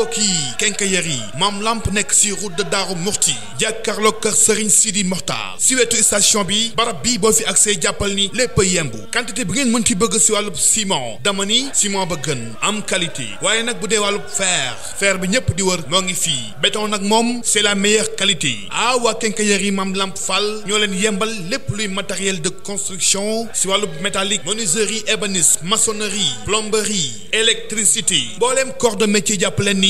mbokk yi kenkayar yi maam bi barab bii boo fi ak see jàppal ni lépp bi ngeen mën ci bëgg ci wàllu ciment dama ni ciment ba gën am qualité waaye nag bu dee wàllu fer fer bi ñëpp di wër moo ngi fii béton nag moom c'est la meilleure qualité ah waa kenkayar yi maam lamp Fall ñoo leen yembal lépp luy matériel de construction ci wàllu métallique menuiserie ébénisme maçonnerie plomberie électricité mbooleem corps de métier jàppaleen ni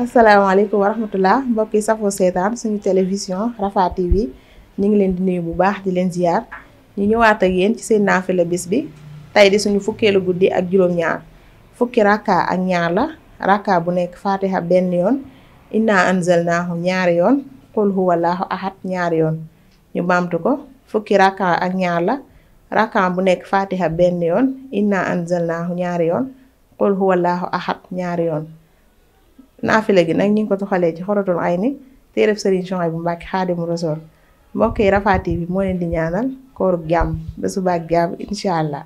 asalaamaaleykum wa rahmatulah mbokk yi safoo seetaan suñu télévision Rafah TV ñu ngi leen di nuyu bu baax di leen ziar ñu ñëwaat ak yéen ci seen naafila bis bi tey di suñu fukkeelu guddi ak juróom-ñaar fukki rakka ak ñaar la rakka bu nekk fatiha benn yoon inna anzalnaahu ñaari yoon qul huwallaahu ñaari yoon ñu baamtu ko fukki rakka ak ñaar la rakka bu nekk fatiha benn yoon inna anzalnaahu ñaari yoon qul huwallaahu ahad ñaari yoon naafile gi nag ñu ngi ko tuxalee ci xoratul ay ni téereb Serigne Souhaïbou Mbacké Xaadimu Rasuul mbokk yi Rafah TV moo leen di ñaanal kooru jàmm ba suba ak jàmm incha allah.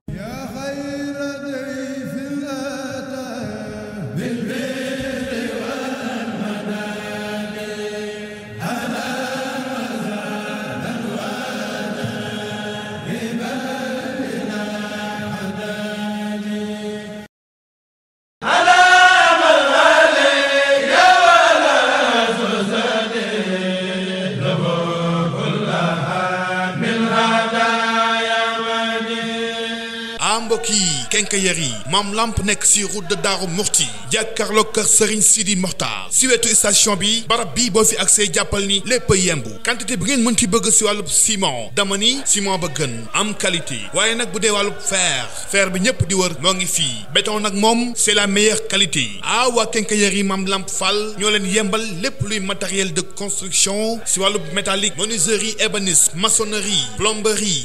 ah mbokk yi kenkayer yi maam lamp nekk si route de Darou Mourti jàkkaarloog kër Serigne Sidi Mokhtar wetu station bi barab bii boo fi accès jàppal ni lépp a yemb quantité bi ngeen mën ci bëgg si wàllub ciment dama ni ciment ba gën am qualité waaye nag bu dee wàllub fer fer bi ñëpp di wër moo ngi fii béton nag moom c'est la meilleure qualité ah waa kenkayer yi maam lamp fal ñoo leen yembal lépp luy matériel de construction si wàllub métallique menuiserie ébénisme maçonnerie plomberie